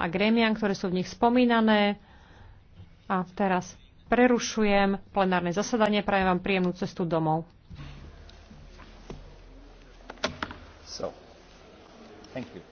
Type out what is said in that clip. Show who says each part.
Speaker 1: a grémiam, ktoré sú v nich spomínané. A teraz prerušujem plenárne zasadanie. Prajem vám príjemnú cestu domov. So,
Speaker 2: thank you.